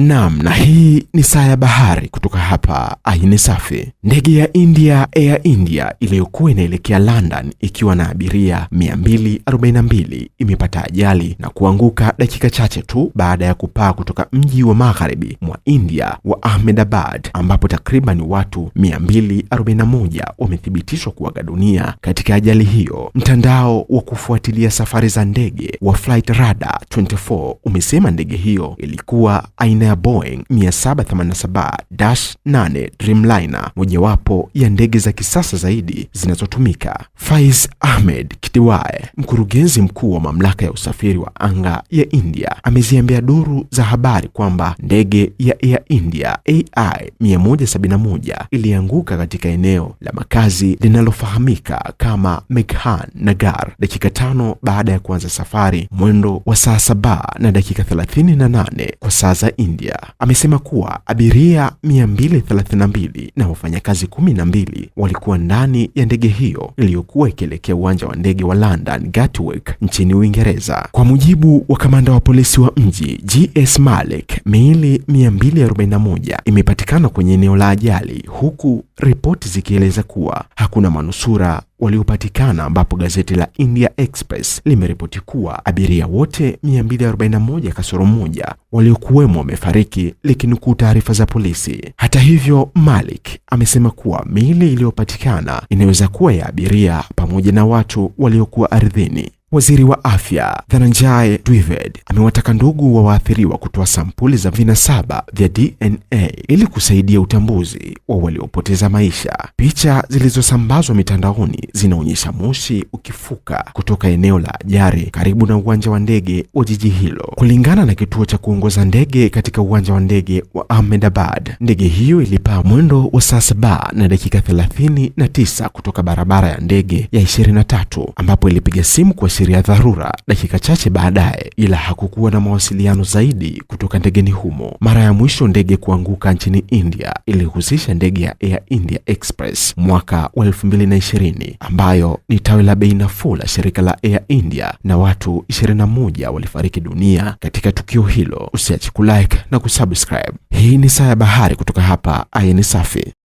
Naam, na hii ni Saa ya Bahari kutoka hapa Ayin Safi. Ndege ya India Air India iliyokuwa inaelekea London ikiwa na abiria 242 imepata ajali na kuanguka dakika chache tu baada ya kupaa kutoka mji wa magharibi mwa India wa Ahmedabad, ambapo takriban watu 241 wamethibitishwa kuaga dunia katika ajali hiyo. Mtandao wa kufuatilia safari za ndege wa flight Radar 24 umesema ndege hiyo ilikuwa aina ya Boeing 787-8 Dreamliner, mojawapo ya ndege za kisasa zaidi zinazotumika. Faiz Ahmed Kidiwai, mkurugenzi mkuu wa mamlaka ya usafiri wa anga ya India, ameziambia duru za habari kwamba ndege ya Air India AI 171 ilianguka katika eneo la makazi linalofahamika kama Meghan Nagar dakika tano baada ya kuanza safari mwendo wa saa saba na dakika 38 kwa saa za India. India amesema kuwa abiria 232 na wafanyakazi 12 walikuwa ndani ya ndege hiyo iliyokuwa ikielekea uwanja wa ndege wa London Gatwick nchini Uingereza. Kwa mujibu wa kamanda wa polisi wa mji GS Malik, miili 241 imepatikana kwenye eneo la ajali, huku ripoti zikieleza kuwa hakuna manusura waliopatikana, ambapo gazeti la India Express limeripoti kuwa abiria wote 241 kasoro moja waliokuwemo wamefariki, likinukuu taarifa za polisi. Hata hivyo, Malik amesema kuwa miili iliyopatikana inaweza kuwa ya abiria pamoja na watu waliokuwa ardhini. Waziri wa Afya Dhananjay dwived amewataka ndugu wa waathiriwa kutoa sampuli za vinasaba vya DNA ili kusaidia utambuzi wa waliopoteza maisha. Picha zilizosambazwa mitandaoni zinaonyesha moshi ukifuka kutoka eneo la ajali karibu na uwanja wa ndege wa jiji hilo. Kulingana na kituo cha kuongoza ndege katika uwanja wa ndege wa Ahmedabad, ndege hiyo ilipaa mwendo wa saa saba na dakika 39 kutoka barabara ya ndege ya 23 ambapo ilipiga simu kwa siri ya dharura dakika chache baadaye, ila hakukuwa na mawasiliano zaidi kutoka ndegeni humo. Mara ya mwisho ndege kuanguka nchini India ilihusisha ndege ya Air India Express mwaka wa 2020 ambayo ni tawi la bei nafuu la shirika la Air India, na watu 21 walifariki dunia katika tukio hilo. Usiache kulike na kusubscribe. Hii ni Saa ya Bahari kutoka hapa Ayin Safi.